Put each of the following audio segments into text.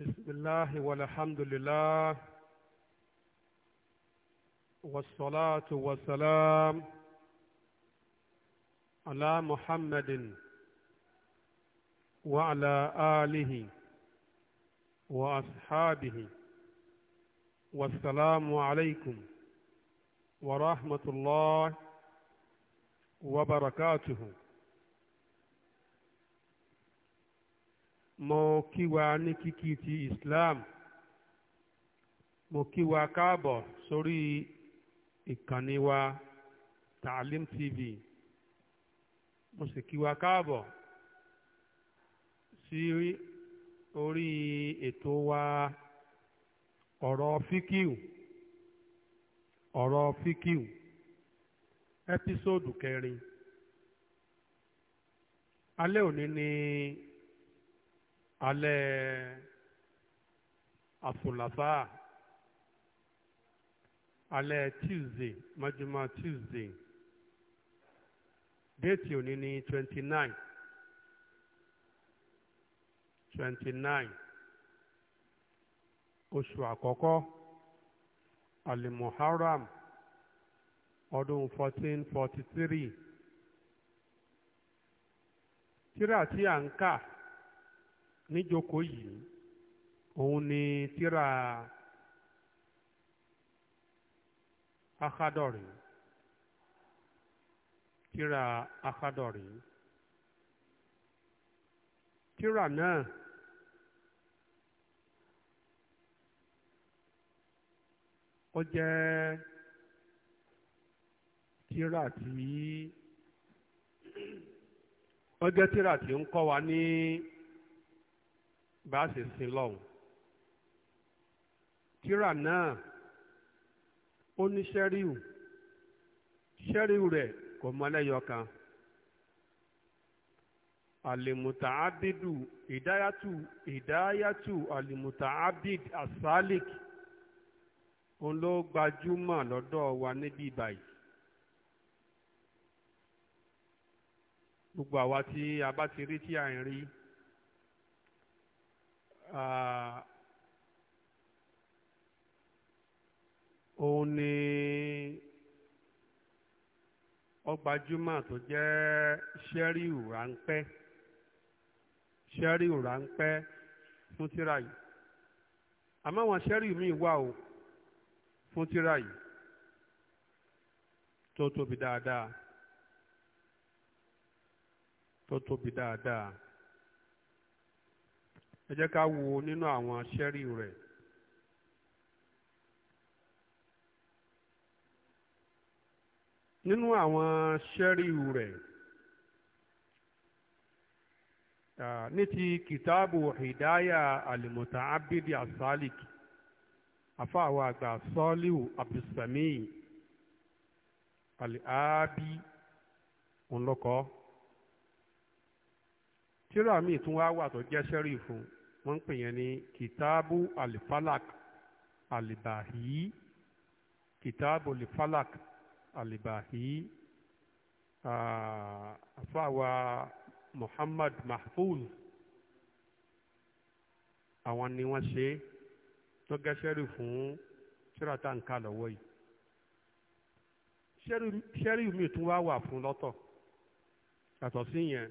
بسم الله والحمد لله والصلاة والسلام على محمد وعلى آله وأصحابه والسلام عليكم ورحمة الله وبركاته mo kí wa ní kíkí ti Islam mo kí wa káàbọ̀ sórí ìkànnì wa Taalim TV mo sì kí wa káàbọ̀ sí orí ètò wa ọ̀rọ̀ fíkìú ọ̀rọ̀ fíkìú ẹ́písòdù kẹrin alẹ́ òní ni. ni alẹ́ àfòlàfà alẹ́ tuesday mọ́júmọ́ tuesday déètì òní ní twenty nine twenty nine oṣù àkọ́kọ́ alimuharam ọdún fourteen forty three tíra tí a ń kà níjókòó yìí òun ni tíra akadọ̀rì tíra akadọ̀rì tíra náà ó jẹ́ tíra tí ó jẹ́ tíra tí ń kọ́ wa ní. Ni bá a ṣe sin lọ́hùn. tíra náà ó ní ṣẹ́ríù ṣẹ́ríù rẹ̀ kò mọ lẹ́yọ kan. àlèmùtà ábídù ìdáyàtù ìdáyàtù àlèmùtà ábíd asalik òun ló gbajúmọ̀ lọ́dọ̀ wa níbí báyìí. gbogbo àwa tí a bá ti rí tí a ń rí. Ah, òun ni ọgbajúmọ̀ tó jẹ́ sẹ́ríù ráńpẹ́ sẹ́ríù ráńpẹ́ fún tíra yìí àmọ́ àwọn sẹ́ríù míì wà o fún tíra yìí tó tóbi dáadáa tó tóbi dáadáa ẹ jẹ́ ká wo nínú àwọn ṣẹ́rí rẹ̀. nínú àwọn ṣẹ́rí rẹ̀ ní ti kìtáàbù hidaya alimuta abidi asalik afáwa àgbà sọ́líù abdulsami aliabi ńlọkọ tíra mi tún wá wà tó jẹ́ ṣẹ́rí fún un wọ́n ń pè yẹn ní kìtáàbù alifalak alibahi kìtáàbù alifalak alibahi àfàwà Muhammad Mahfuz àwọn ni wọ́n ṣe tó gẹ́ sẹ́rù fún tíratá nǹka lọ́wọ́ yìí sẹ́rù mi tún wá wà fún lọ́tọ̀ yàtọ̀ sí yẹn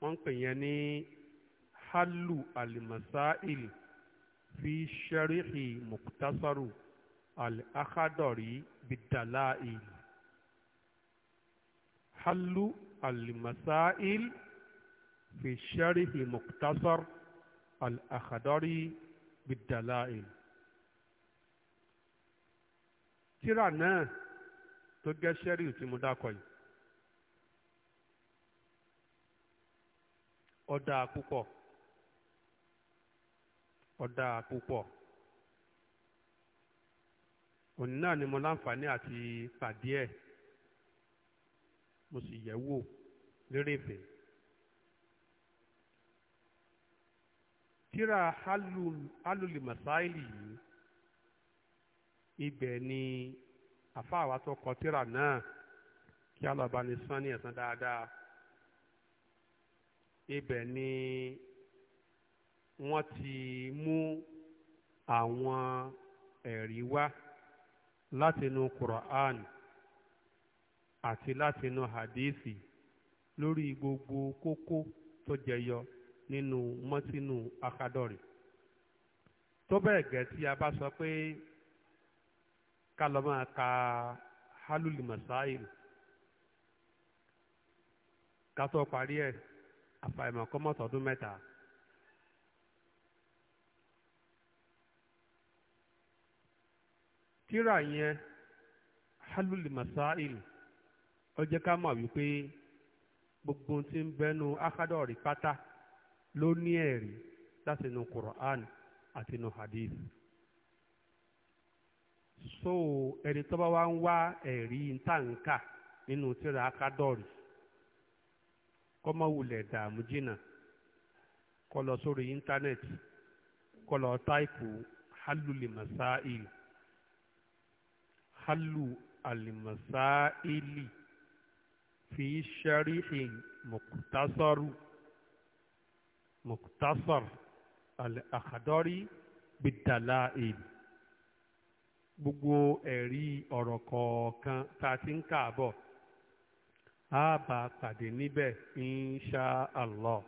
wọ́n ń pè yẹn ní. حل المسائل في شرح مقتصر الأخضري بالدلائل حل المسائل في شرح مقتصر الأخضري بالدلائل tíra náà tó gẹ́ sẹ́ríù tí mo dákọ̀ ó dáa púpọ̀ òní náà ni mo láǹfààní àti pàdé ẹ̀ mo sì yẹ̀ wò lérè ìfẹ́. tíra alùlì màsáìlì yìí ibẹ̀ ni àfáàwá tó kọ tíra náà kí alọ́ba ní sanni ẹ̀sán dáadáa ibẹ̀ ni wọ́n ti mú àwọn ẹ̀rí wá látinú Quran àti látinú hadithi lórí gbogbo kókó tó jẹyọ nínú mọ́tínú akadọ́rì tó bẹ́ẹ̀ gẹ́ tí a bá sọ pé ká lọ máa ka halul masail ká tó parí ẹ̀ àfàìmọ̀ kọ́mọ́tọ̀ọ́dún mẹ́ta. tíra yẹn halul masail ó jẹ́ ká mọ̀ wípé gbogbo tí ń bẹnu akádọ̀rí pátá ló ní ẹ̀rí láti inú Qur'an àti inú hadith so ẹni tó bá wá ń wá ẹ̀rí ntànkà nínú tíra akádọ̀rí kọ́mọ̀wulẹ̀ dààmú jìnnà kó lọ sórí íńtánẹ́ẹ̀tì kó lọ táìpù halul حل المسائل في شرح مقتصر مقتصر الأخضر بالدلائل gbogbo ẹ̀rí ọ̀rọ̀ kọ̀ọ̀kan tá a ti ń kààbọ̀ á bá pàdé níbẹ̀ insha Allah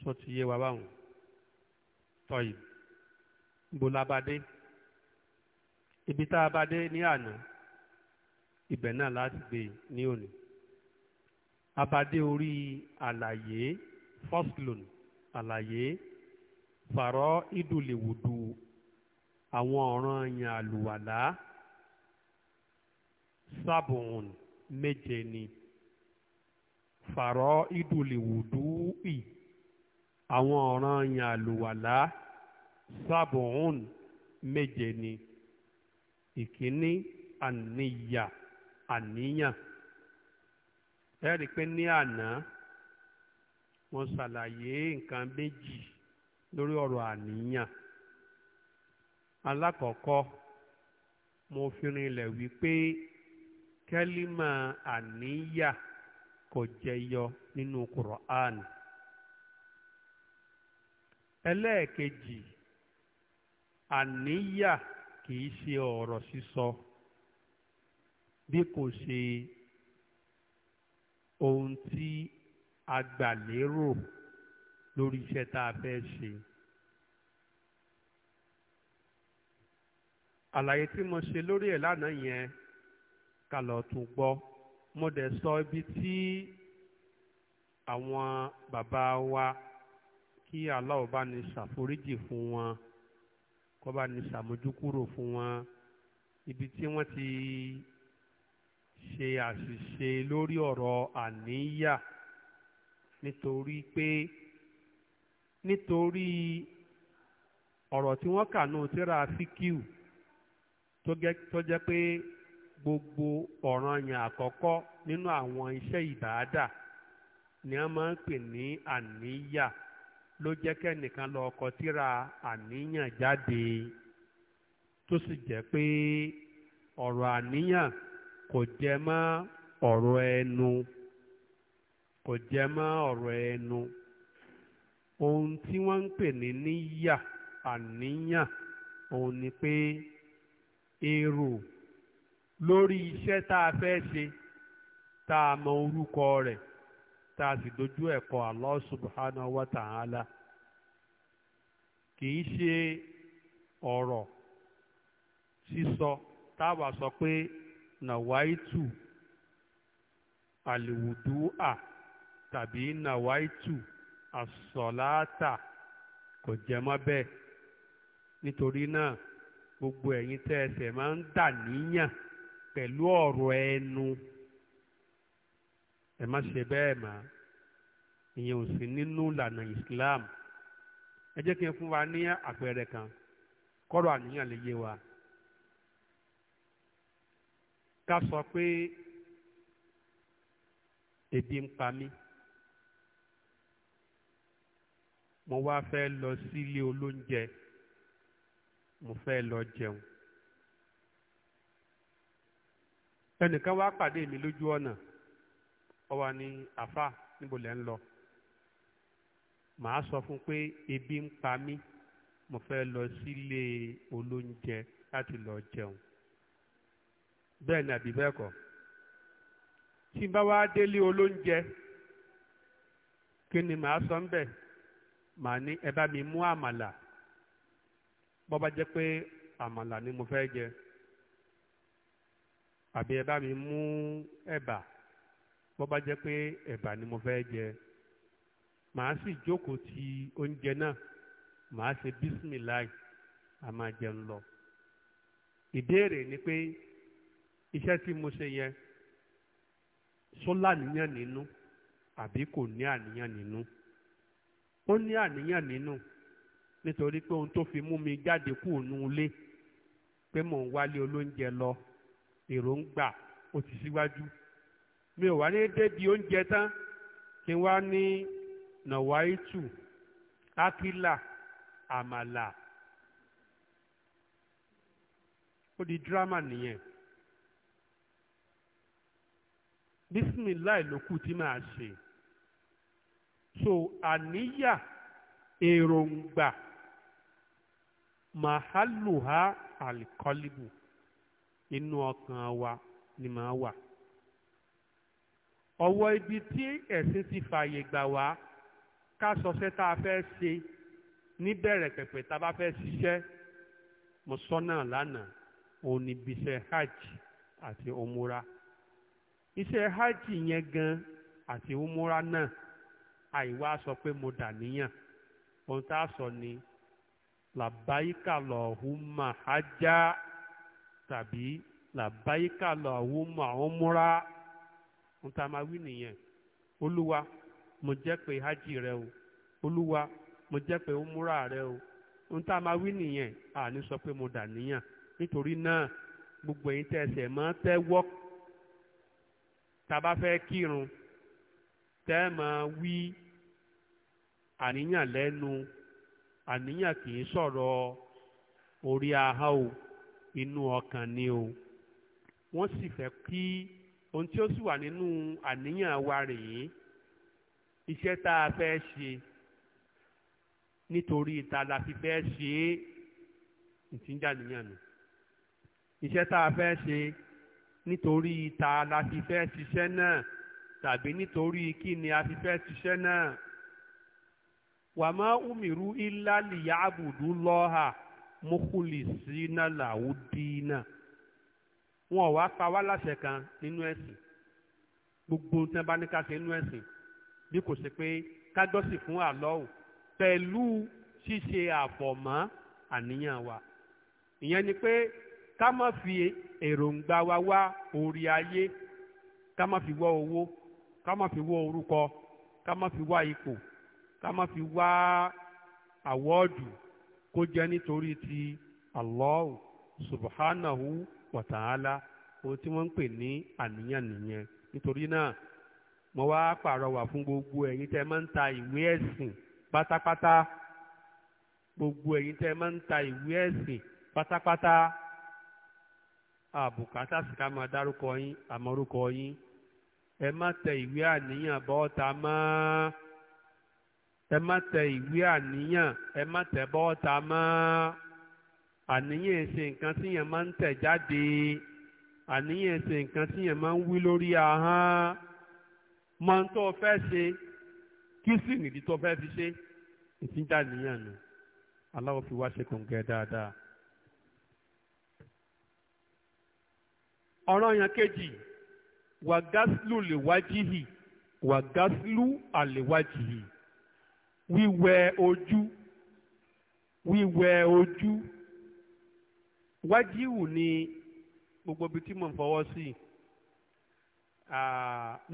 sọ ti yé wa báwọn tọ́yì ń bo lábàdé ibi tá a bá dé ní àná ibẹ̀ náà láti gbé e ní òní abadé orí àlàyé foslon àlàyé fàrọ ìdúlèwòdù àwọn ọ̀ràn yẹn àlùwàlá sábùn méje ni fàrọ ìdúlèwòdù ì àwọn ọ̀ràn yẹn àlùwàlá sábùn méje ni. ìkíní àníyà àníyàn ẹ pé ní àná mo ṣàlàyé nǹkan méjì lórí ọ̀rọ̀ àníyàn alákọ̀ọ́kọ́ mo fi rinlẹ̀ wípé kẹ́límà àníyà kò jẹyọ nínú kùrọ̀ánì ẹlẹ́ẹ̀kejì àníyà kì í ṣe ọ̀rọ̀ sísọ bí kò ṣe ohun tí a gbà lérò lórí iṣẹ́ tá a fẹ́ ṣe. àlàyé tí mo ṣe lórí ẹ̀ lánàá yẹn ká tún gbọ́ mo dẹ̀ sọ ibi tí àwọn bàbá wa kí Allah ó bá ní ṣàforíjì fún wọn kó bá ní sàmójúkúrò fún wọn ibi tí wọ́n ti ṣe àṣìṣe lórí ọ̀rọ̀ àníyà nítorí pé nítorí ọ̀rọ̀ tí wọ́n kà náà tíra fíkìú tó jẹ́ pé gbogbo ọ̀ranyàn àkọ́kọ́ nínú àwọn iṣẹ́ ìbáadà ni wọ́n máa ń pè ní àníyà. ló jẹ́ kẹ́nìkan lọ ọkọ tíra àníyàn jáde tó sì jẹ́ pé ọ̀rọ̀ àníyàn kò jẹ mọ́ ọ̀rọ̀ ẹnu kò jẹ mọ́ ọ̀rọ̀ ẹnu ohun tí wọ́n ń pè ní níyà àníyàn òun ni pé èrò lórí iṣẹ́ tá a fẹ́ ṣe tá a mọ orúkọ rẹ̀ ta a sì dojú ẹ̀kọ́ Allah subhanahu wa ala kì í ṣe ọ̀rọ̀ sísọ táwa sọ pé nàwáìtù àlìwùdúà tàbí nàwáìtù àsọ̀láàtà kò jẹ mọ́ bẹ́ẹ̀ nítorí náà gbogbo ẹ̀yin tẹ́ ẹsẹ̀ máa ń dà níyàn pẹ̀lú ọ̀rọ̀ ẹnu. ẹ má ṣe bẹ́ẹ̀ mà ìyẹn ò sí nínú ìlànà Islam ẹ jẹ́ kí n fún wa ní àpẹẹrẹ kan kọ́rọ̀ àníyàn lè yé wa ká sọ pé ebi ń pa mí mo wá fẹ́ lọ sílé olóúnjẹ mo fẹ́ lọ jẹun ẹnìkan wá pàdé mi lójú ọ̀nà ó wá ní àfà níbo lẹ́ ń lọ màá sọ fún pé ebi ń pa mí mo fẹ́ lọ sílé olóúnjẹ láti lọ jẹun bẹ́ẹ̀ ni àbí bẹ́ẹ̀ kọ́ tí n bá wá délé olóúnjẹ kí ni màá sọ ń bẹ̀ màá ní ẹ bá mi mú àmàlà bọ́ bá jẹ́ pé àmàlà ni mo fẹ́ jẹ àbí ẹ bá mi mú ẹ̀bà. E bó bá jẹ́ pé ẹ̀bà ni mo fẹ́ jẹ màá sì jókòó ti oúnjẹ náà màá ṣe bísímìláì a máa jẹun lọ ìbéèrè ni pé iṣẹ́ tí mo ṣe yẹn sólà níyàn nínú àbí kò ní àníyàn nínú ó ní àníyàn nínú nítorí pé ohun tó fi mú mi jáde kúrò nínú pé mò ń wálé olóúnjẹ lọ èròǹgbà ó ti síwájú. Si mi ò wá ní débi oúnjẹ tán kí n wá ní nàwáìtù ákílà àmàlà ó di dírámà nìyẹn bísímìláì ló kù tí màá ṣe so àníyà èròǹgbà màhálùhá àlìkọ́lìbù inú ọkàn wa ni màá wà ọ̀wọ́ ibi tí ẹ̀sìn ti fààyè gbà wá ká sọṣẹ́ tá a fẹ́ ṣe níbẹ̀rẹ̀ pẹ̀pẹ̀ tá a bá fẹ́ ṣiṣẹ́ mo sọ náà lánàá òun ni ibiṣẹ́ hajj àti umura iṣẹ́ hajj yẹn gan àti umura náà àìwá sọ pé mo dà níyàn ohun tá a sọ ni làbáyíkà lọ́hùnmá hajjá tàbí làbáyíkà lọ́hùnmá umura. ohun ma wí nìyẹn olúwa mo jẹ́ pé hajj rẹ o olúwa mo jẹ́ pé umura rẹ o ohun tá wí nìyẹn àní sọ pé mo dà níyàn nítorí náà gbogbo ẹ̀yin tẹ́ ẹsẹ̀ mọ́ tẹ́wọ́ tá a bá fẹ́ kírun tẹ́ ẹ wí àníyàn lẹ́nu àníyàn kì í sọ̀rọ̀ orí ahá o inú ọkàn ni o wọ́n sì fẹ́ kí. ohun tí ó sì wà nínú àníyàn wa rèé iṣẹ́ tá a fẹ́ ṣe nítorí ta la fi fẹ́ ṣe é ìtìjà nìyàn nù iṣẹ́ tá a fẹ́ ṣe nítorí ta la fi fẹ́ ṣiṣẹ́ náà tàbí nítorí kí ni a fi fẹ́ ṣiṣẹ́ náà wàmọ́ umiru ilá lìyàbùdú lọ́ha mọ́kùlì sí náà làwùdí náà wọn ò wá pa wá láṣẹ kan nínú ẹ̀sìn gbogbo tí wọ́n bá ní ká ṣe nínú ẹ̀sìn bí kò ṣe pé ká jọ́sìn fún àlọ́hùn pẹ̀lú ṣíṣe àfọ̀mọ́ àníyàn wa ìyẹn ni pé ká má fi èròǹgbà wa wá orí ayé ká má fi wá owó ká má fi wá orúkọ ká má fi wá ipò ká má fi wá àwọ́ọ̀dù kó jẹ́ nítorí ti Allahu subhanahu wa ta'ala ohun tí wọ́n ń pè ní àníyàn nìyẹn nítorí náà mo wá pàrọwà fún gbogbo ẹ̀yin tẹ́ máa ń ta ìwé ẹ̀sìn pátápátá gbogbo ẹ̀yin tẹ́ máa ń ta ìwé ẹ̀sìn pátápátá àbùkátà sì ká máa dárúkọ yín àmọ́rúkọ yín ẹ má tẹ ìwé àníyàn bọ́ọ̀ta mọ́ ẹ má tẹ ìwé àníyàn ẹ má tẹ bọ́ọ̀ta mọ́. àníyàn ṣe nǹkan tí yẹn máa ń tẹ̀ jáde àníyàn ṣe nǹkan tí yẹn máa ń wí lórí ahọ́n mọ ohun tó fẹ́ ṣe kí sì nìdí tó fẹ́ fi ṣe ìtìjà nìyàn nù aláwọ̀ fi wá ṣe kòǹgẹ́ dáadáa. ọ̀rọ̀ yẹn kejì wàgásílù lè wájìhì wàgásílù àlèwájìhì wíwẹ̀ ojú wíwẹ̀ ojú. wájíwù ni gbogbo ibi tí mo ń fọwọ́ sí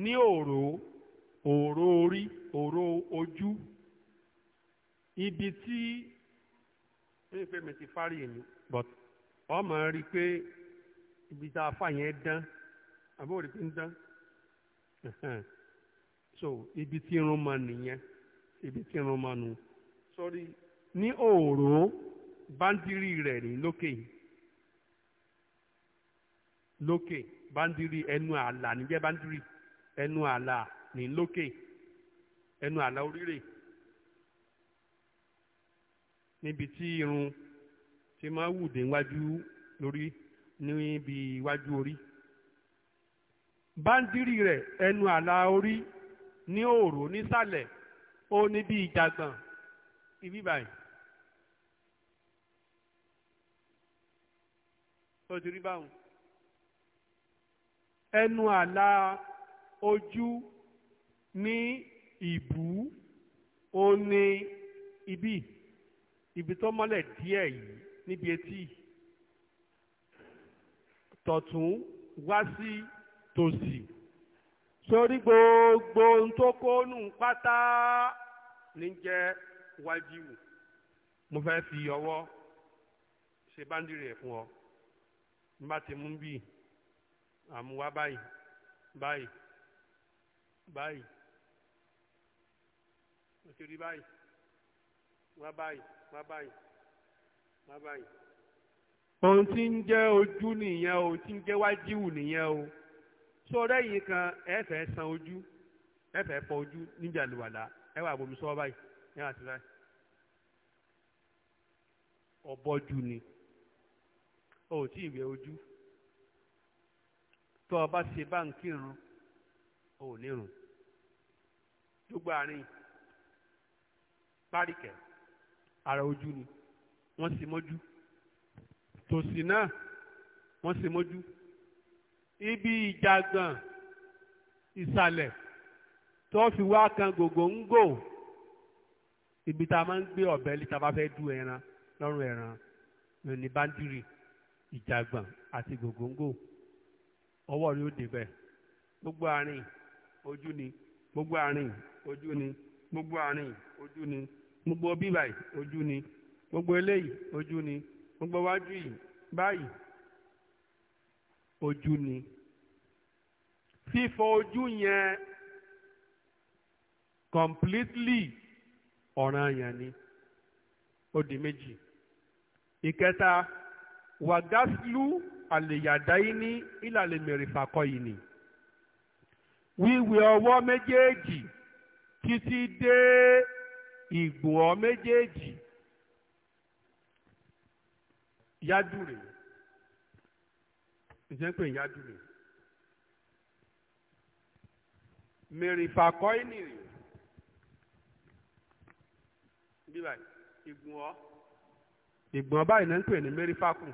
ní òró òró orí òró ojú ibi tí ní ìfẹ́ mi ti fárí èmi but ọmọ rí i pé ibi tá a fà yẹn dán àbúrò rí i pé ń dán so ibi tí irun mọ nìyẹn ibi tí irun mọ nù sọrí ní òòró báńdírì rẹ̀ ní lókè yìí lókè báńdírì ẹnu ààlà níjẹ́ báńdírì ẹnu ààlà ní lókè ẹnu ààlà orílẹ̀ níbi tí irun ti máa wù dé iwájú lórí níbi iwájú orí báńdírì rẹ̀ ẹnu ààlà orí ní òòró nísàlẹ̀ ó ní bí ìjàgbọ̀n ibi báyìí. tó ti rí báwọn ẹnu àlà ojú ní ìbú ó ní ibi ibi tó mọ́lẹ̀ díẹ̀ yìí níbi etí tọ̀tún wá sí tòsì sórí gbogbo ohun tó kó nù pátá ní jẹ́ wájú mo fẹ́ fi ọwọ́ ṣe báńdìrì ẹ̀ fún ọ nígbà tí mo ń àmúwá báyìí báyìí báyìí mo ti rí báyìí wá báyìí wá báyìí wá báyìí. ohun tí ń jẹ́ ojú nìyẹn o tí ń jẹ́ wájíwù nìyẹn o sọ̀rọ̀ yìí kan ẹ fẹ́ san ojú ẹ fẹ́ fọ ojú níbi àlùwàlà ẹ wà bomi sọ́ọ́ báyìí ẹ wà sí báyìí. ọ̀bọ̀jú ni o ò tí ì wẹ ojú. tó ọba bá ṣe bá ń kírun o ní nírun gbogbo àárín páríkẹ ara ojú ni wọ́n sì mọ́jú tòsí náà wọ́n sì mọ́jú ibi ìjàgbọ̀n ìsàlẹ̀ tó fi wá kan gògóńgò ibi tá a máa ń gbé ọ̀bẹ líta bá fẹ́ du ẹran lọ́rùn ẹran ní báńdírì ìjàgbọ̀n àti gògóńgò. ọwọ́ rẹ ó débẹ̀ gbogbo àárín ojú ni gbogbo àárín ojú ni gbogbo àárín ojú ni gbogbo bíbáyì ojú ni gbogbo eléyìí ojú ni gbogbo wájú yìí báyìí ojú ni fífọ ojú yẹn completely ọ̀ràn yẹn ni ó di méjì ìkẹta wàgásílù àlèyàdáyíní ìlàlẹ̀ mẹ̀rìfàkọ́yìnì wíwẹ̀ ọwọ́ méjèèjì títí dé ìgbọ̀ọ́ méjèèjì yádù rè ǹjẹ́ pé yádù rè mẹ̀rìfàkọ́yìnì rè bí báyìí ìgbọ̀ọ́ ìgbọ̀ọ́ báyìí náà ń pè ní mẹ́rìfàkùn.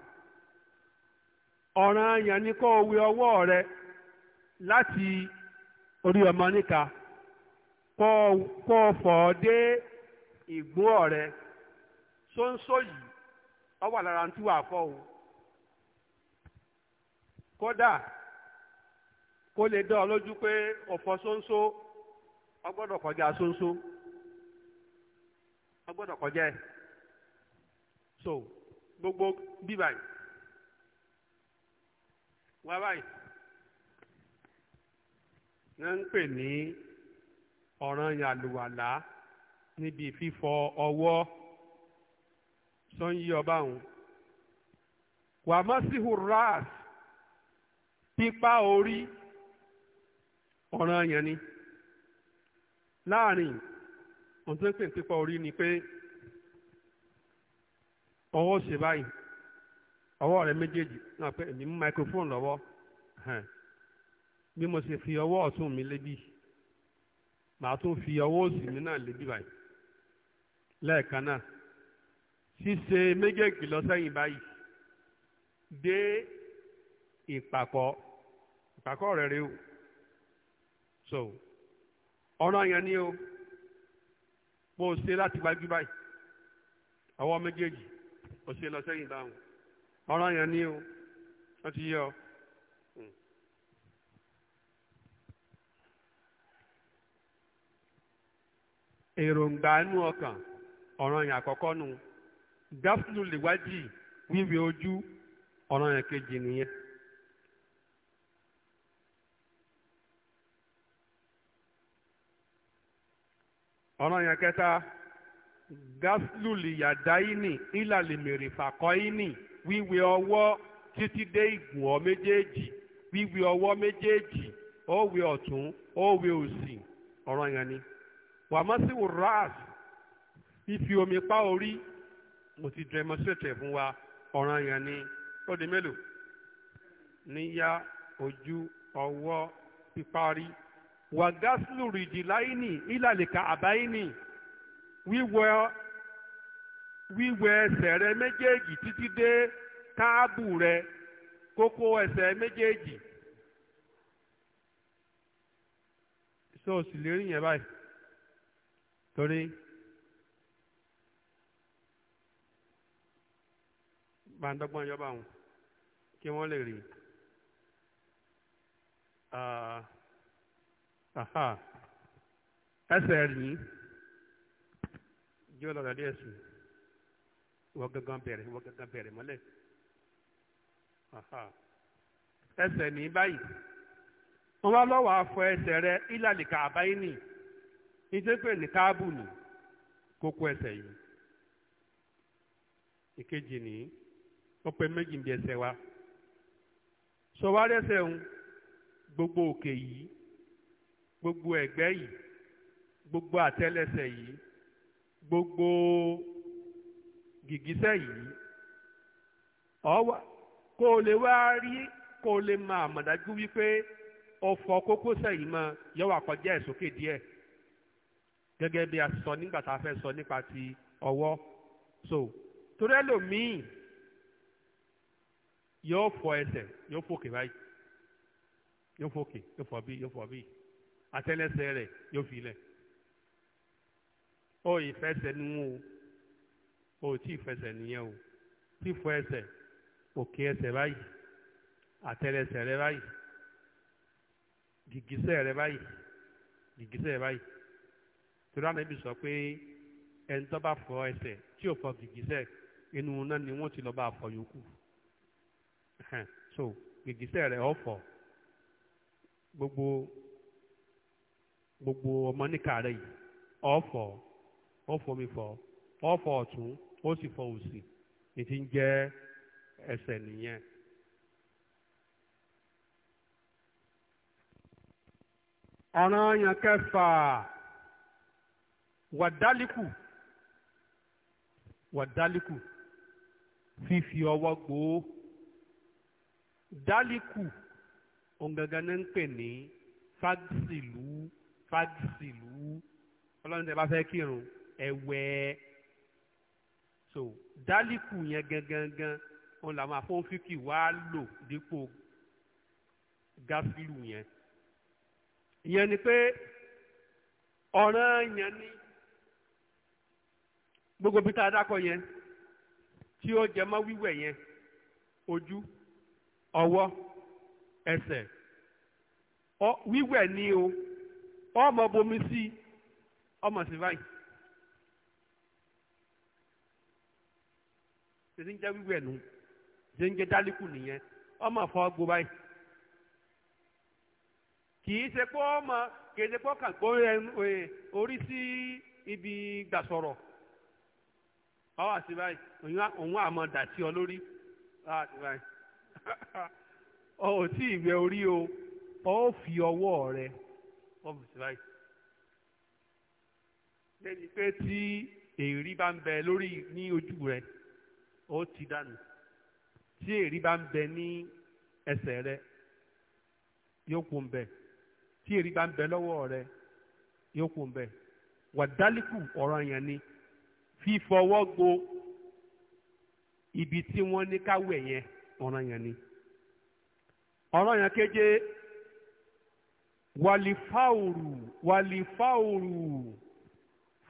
ọ̀ràn àyàn ni kọ́ o ọwọ́ rẹ láti orí ọmọ níka kó dé ìgbó ọ̀rẹ́ ṣóńṣó yìí ọ wà lára tí wàá fọ̀ o kódà kó lè dán ọ lójú pé ọfọ ṣóńṣó ọ gbọ́dọ̀ kọjá ṣóńṣó ọ kọjá so gbogbo bíbáyìí. wá báyìí wọ́n ń pè ní ọ̀ràn yàlùwàlá níbi fífọ ọwọ́ sọ́yìn ọba òun wàmásíhù ras pípa orí ọ̀ràn yẹn ni láàrin ohun pè ní pípa orí ni pé ọwọ́ ṣe báyìí ọwọ́ rẹ méjèèjì náà pé èmi mú microphone lọ́wọ́ bí mo ṣe fi ọwọ́ ọ̀tún mi lébi màá tún fi ọwọ́ òsì mi náà lébi báyìí lẹ́ẹ̀kan náà ṣíṣe méjèèjì lọ sẹ́yìn báyìí dé ìpàkọ́ ìpàkọ́ rẹ̀ rèé o so ọ̀rọ̀ yẹn ni o bó o ṣe láti gbájú báyìí ọwọ́ méjèèjì o ṣe lọ sẹ́yìn báwọn. ọ̀rọ̀ yẹn ni o ọ. inú ọkàn ọ̀ràn yẹn àkọ́kọ́ nù gáfúlù lèwájì wíwẹ̀ ojú ọ̀ràn yẹn kejì nìyẹn. ọ̀ràn yẹn kẹta gáfúlù lìyàdáyìnì ìlàlìmèrè fàkọ́yìnì. wíwẹ ọwọ́ títí dé ìgùn ọ méjèèjì wíwẹ ọwọ́ méjèèjì ó wẹ ọ̀tún ó wẹ òsì ọ̀rọ̀ yẹn ni wàmásíwò ras fífi omi pa orí mo ti demonstrate fún wa ọ̀ràn yẹn ni ó di mélòó níyà ojú ọwọ́ píparí wàgásílù rìdìláìní ìlàlẹ̀ka àbáyìní wíwọ wíwẹ̀ ẹsẹ̀ rẹ méjèèjì títí dé káàbù rẹ kókó ẹsẹ̀ méjèèjì ṣé o sì lè rí yẹn báyìí torí gbàǹdọ́gbọ́n yọba àwọn kí wọ́n lè rí ah, ẹsẹ̀ rí yóò lọ rẹ̀ díẹ̀ wọ́n gangan bẹ̀rẹ̀ wọ́n gangan bẹ̀rẹ̀ mọ́lẹ̀ ẹsẹ̀ ní báyìí wọ́n wá lọ́wọ́ afọ ẹsẹ̀ rẹ ìlàlìkà àbáyé nì ìdẹ́gbẹ̀ ní káàbù nì kókó ẹsẹ̀ yìí ìkejì ní ọpẹ méjì ń bí ẹsẹ̀ wa sọwárí ẹsẹ̀ ń gbogbo òkè yìí gbogbo ẹ̀gbẹ́ yìí gbogbo àtẹ́lẹsẹ̀ yìí gbogbo gìgísẹ̀ yìí ọ̀wà kó o lè wá rí kó o lè máa mọ̀dájú wípé ọ̀fọ̀ kókósẹ̀ yìí mọ yọ̀wà kọjá ẹ̀ díẹ̀ gẹ́gẹ́ bí a sọ nígbà tá a fẹ́ sọ nípa ti ọwọ́ so torí ẹlòmíì yóò fọ ẹsẹ̀ yóò fòkè báyìí yóò fòkè yóò fọ bí yóò fọ bí àtẹ́lẹsẹ̀ rẹ̀ yóò fi lẹ̀ ó ìfẹsẹ̀ nínú o o ò tí ì fẹsẹ̀ nìyẹn o tí ì fọ ẹsẹ̀ òkè ẹsẹ̀ báyìí àtẹlẹsẹ̀ rẹ báyìí gìgísẹ̀ rẹ báyìí gìgísẹ̀ rẹ báyìí torí àwọn ẹbí sọ pé ẹni tó bá fọ ẹsẹ̀ tí ò fọ gìgísẹ̀ inú náà ni wọ́n ti lọ́ọ́ bá fọ yòókù so gìgísẹ̀ rẹ ọ̀fọ̀ gbogbo gbogbo ọmọ níkàárẹ̀ yìí ọ̀fọ̀ ọ̀fọ̀ mi fọ̀ ọ̀fọ̀ ọ̀tún ó sì fọ òsì ní ti ń jẹ́ ẹsẹ̀ nìyẹn. ọ̀ràn yẹn kẹfà wàdálíkù wàdálíkù fífi ọwọ́ gbòó dálíkù òǹgangan ní ń pè ní fagisilu fagisilu ọlọ́run tẹ bá fẹ́ kírun ẹ̀wẹ́ so dálíkù yẹn gangan òun làwọn afọ́nfíkì wá lò dípò gáfílù yẹn ìyẹn ni pé ọ̀ràn yẹn ni gbogbo bí tá a dákọ yẹn tí ó jẹ mọ́ wíwẹ̀ yẹn ojú ọwọ́ ẹsẹ̀ wíwẹ̀ ni o ọmọ bomi sí ọmọ sí báyìí ṣe ń jẹ́ wíwẹ̀ nù ṣe ń jẹ́ dálíkù nìyẹn ọmọ fọ́ gbó báyìí kì í ṣe pé ọmọ kì ṣe pé ọkàn gbó orí sí ibi gbàsọ̀rọ̀ ọwọ́ àti báyìí òun àmọ́ dà sí ọ lórí láti báyìí ọ ò tí ì wẹ orí o ọ ò fi ọwọ́ rẹ ọmọ sí báyìí lẹ́yìn pé tí èrí bá ń bẹ lórí ní ojú rẹ ó ti dànù tí èrí bá ń bẹ ní ẹsẹ̀ rẹ yóò kó ń bẹ tí èrí bá ń bẹ lọ́wọ́ rẹ yóò kó ń bẹ wàdálíkù ọ̀rọ̀ yẹn ni fífọwọ́ gbo ibi tí wọ́n ní káwẹ̀ yẹn ọ̀rọ̀ yẹn ni ọ̀rọ̀ yẹn kéje wàlífáòrù wàlífáòrù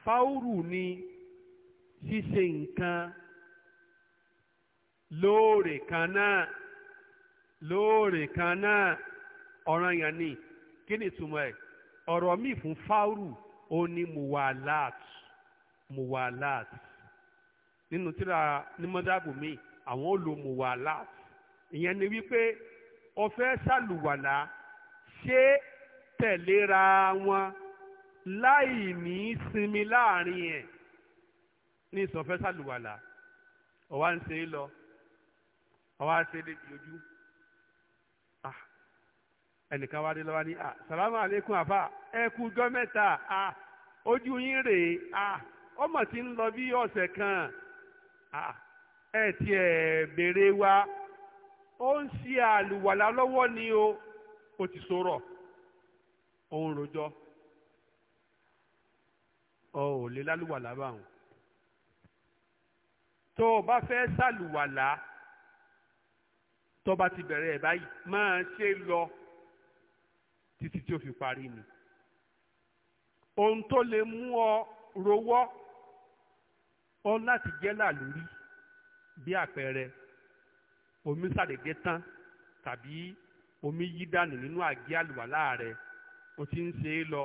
fáòrù ni ṣíṣe nǹkan lóòrè kan náà lóòrè kan náà ọ̀ràn yẹn ni kí ni ìtumọ̀ ẹ̀ ọ̀rọ̀ míì fún fáwùrù ó ní muwalat muwalat nínú tíra nímọ̀dábù míì àwọn ò lo muwalat ìyẹn ni wípé ó fẹ́ ṣàlùwàlà ṣé tẹ̀léra wọn láì ní sinmi láàrin ẹ̀ ní ìsọ̀fẹ́ ṣàlùwàlà ó ń ṣe é lọ ọwọ́ àti ẹ̀dẹ́ bí ojú ah, ẹnìkan wá dé lọ́wọ́ ní ah, salamu aleykum àfa ẹ kú jọ́ mẹ́ta ah, ojú yín rèé ọmọ tí ń lọ bí ọ̀sẹ̀ kan ẹ tiẹ̀ béèrè wa ó ń ṣe àlùwàlà lọ́wọ́ ni o ó ti sọ̀rọ̀ òun rojọ́ ọ ò lè lálùwàlà báwọn tó o bá fẹ́ sàlùwàlà tó bá ti bẹ̀rẹ̀ ẹ̀ báyìí máa ṣe lọ títí tí ó fi parí ni ohun tó lè mú ọ rowọ́ ọ láti jẹ́ làlórí bí àpẹẹrẹ omi ṣàdédé tán tàbí omi yí dànù nínú àgé àlùwàlá rẹ o ti ń ṣe é lọ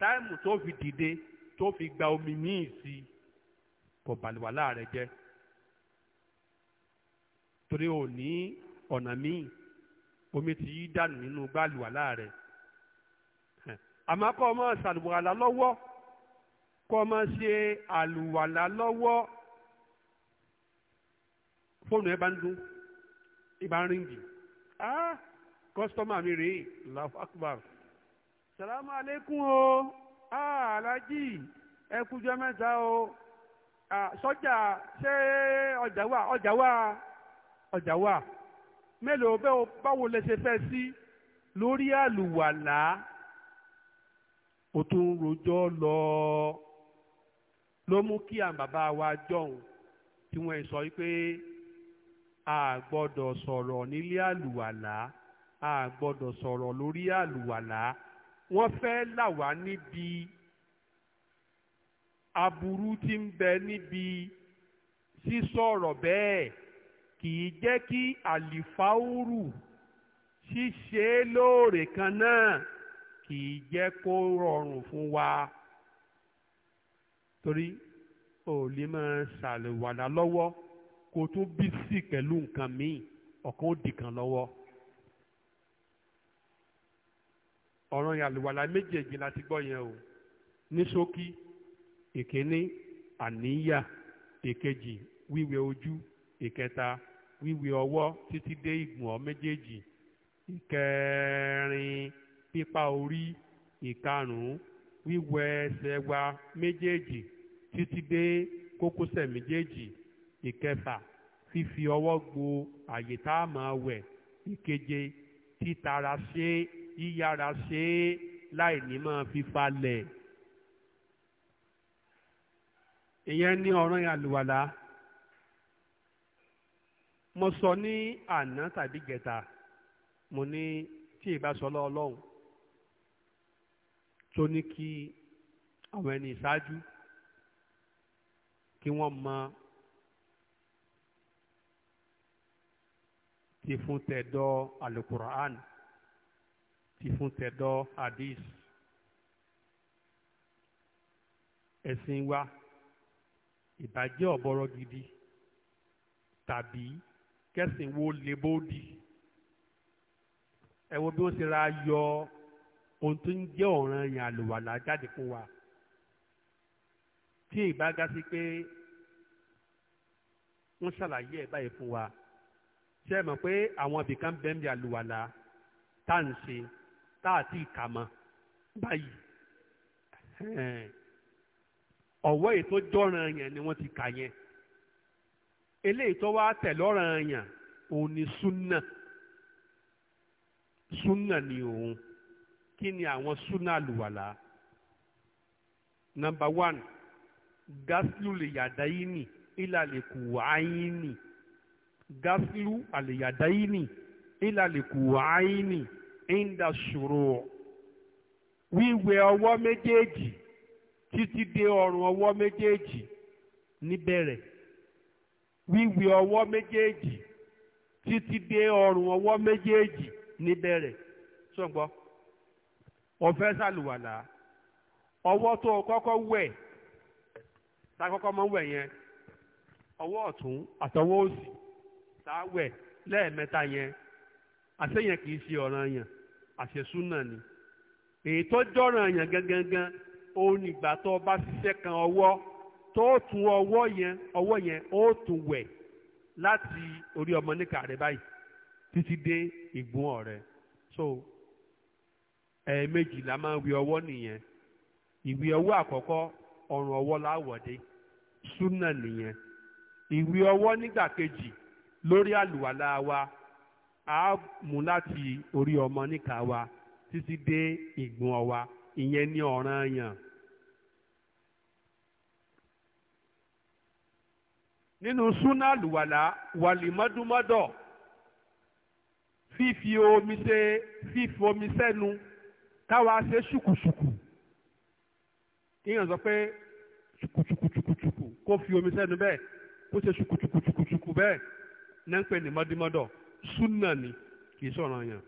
táìmù tó fi dìde tó fi gba omi míì sí kò bàlùwàlá rẹ jẹ́ torí ò ní ọ̀nà míì omi ti yí dànù nínú gbàlùwàlá rẹ̀ àmọ́ kọ́ ọ máa ṣàlùwàlá lọ́wọ́ kọ́ ọ máa ṣe àlùwàlá lọ́wọ́ fóònù ẹ bá ń dún ìbá ń ríngì ah kọ́sítọ́mà mi rèé Allahu Akbar salamu aleykum o ah alájì ẹ kújọ mẹ́ta o ah sọ́jà ṣé ọjà wà ọjà wà ọjà wà mélòó bẹ́ẹ̀ báwo lẹ ṣe fẹ́ sí lórí àlùwàlá ó tún rojọ́ lọ ló mú kí àwọn bàbá wa jọ̀hún tí wọ́n sọ pé a gbọ́dọ̀ sọ̀rọ̀ nílé àlùwàlá a gbọ́dọ̀ sọ̀rọ̀ lórí àlùwàlá wọ́n fẹ́ là wá níbi aburú tí ń bẹ níbi sísọ̀rọ̀ bẹ́ẹ̀ kì í jẹ́ kí àlìfáwùrù ṣíṣe lóòrè kan náà kì í jẹ́ kó rọrùn fún wa torí ò lè máa ṣàlùwàlà lọ́wọ́ kó tún bí sí pẹ̀lú nǹkan míì ọ̀kan ó dì kan lọ́wọ́ ọ̀ràn àlùwàlà méjèèjì láti gbọ́ yẹn o ní ṣókí ìkíní àníyà ìkejì wíwẹ̀ ojú ìkẹta wíwẹ ọwọ́ títí dé ìgbọ̀n méjèèjì ìkẹrin pípa orí ìkarùn-ún wíwẹ ẹsẹ̀ wa méjèèjì títí dé kókósẹ̀ méjèèjì ìkẹfà fífi ọwọ́ gbo àyè tá a máa wẹ̀ ìkeje títara ṣe yíyára ṣe é láì ní máa fi falẹ̀ ìyẹn ní ọ̀ràn àlùwàlà mo sọ ní àná tàbí gẹ̀ta mo ní tí ìbá sọ lọ́ọ̀lọ́hùn tó ní kí àwọn ẹni ìṣáájú kí wọ́n mọ ti fún tẹ̀dọ̀ alukur'an ti fún tẹ̀dọ̀ hadith ẹ̀sìn wa ìbàjẹ́ ọ̀bọ̀rọ̀ gidi tàbí kẹ́sìn wo lè bóòdì ẹ wo bí ó ṣe ra yọ ohun tó ń jẹ́ ọ̀ràn yẹn àlùwàlà jáde fún wa tí ìbá ga sí pé wọ́n ṣàlàyé ẹ̀ báyìí fún wa ṣe é mọ̀ pé àwọn ibìkan bẹ́ẹ̀ ń bí àlùwàlà tá à ń ṣe tá à ti kà mọ́ báyìí ọ̀wọ́ ètò jọ́ràn yẹn ni wọ́n ti kà yẹn eléyìí tó wá tẹ̀ lọ́ranyàn òun ni súnà súnà ni òun kí ni àwọn súnà àlùwàlà nọ́mbà one gásílù lè yàdá yìí nì ilà lè kù wáyé nì gásílù àlè yàdá yìí nì ilà lè kù wáyé nì ìndà ṣòro wíwẹ ọwọ́ méjèèjì títí dé ọrùn ọwọ́ méjèèjì níbẹ̀rẹ̀ wíwí ọwọ́ méjèèjì títí dé ọrùn ọwọ́ méjèèjì níbẹ̀rẹ̀ sọ̀gbọ́ ọ̀fẹ́ sàlùwàlà ọwọ́ tó kọ́kọ́ wẹ̀ tá a kọ́kọ́ mọ́ wẹ̀ yẹn ọwọ́ ọ̀tún àtọwọ́ òsì tá a wẹ̀ lẹ́ẹ̀mẹ́ta yẹn àṣeyàn kì í ṣe ọ̀ràn yàn àṣesúnà ni èyí tó jọ̀ràn yàn gangan òun ìgbà tó bá ṣiṣẹ́ kan ọwọ́ tó tún ọwọ́ yẹn ọwọ́ yẹn ó tún wẹ̀ láti orí ọmọ níkà rẹ báyìí títí dé ìgbọ̀n rẹ so ẹ̀ẹ̀mejì la máa ń wí ọwọ́ nìyẹn ìwí ọwọ́ àkọ́kọ́ ọrùn ọwọ́ láwọ̀dé súnà nìyẹn ìwí ọwọ́ nígbà kejì lórí àlùwàlá wa a mú láti orí ọmọ níkà wa títí dé ìgbọ̀n wa ìyẹn ní ọ̀ranyàn. nínú súnà àlùwàlà wàlìmọ́dúnmọ́dọ̀ fífi omi ṣe fífi omi sẹ́nu táwa ṣe ṣùkùṣùkù ìyẹn sọ pé ṣùkùṣùkùṣùkùṣùkù kó fi omi sẹ́nu bẹ́ẹ̀ kó ṣe ṣùkùṣùkùṣùkùṣùkù bẹ́ẹ̀ náà ń pè ní mọ́dúnmọ́dọ̀ súnà ni kì í sọ̀rọ̀ yẹn.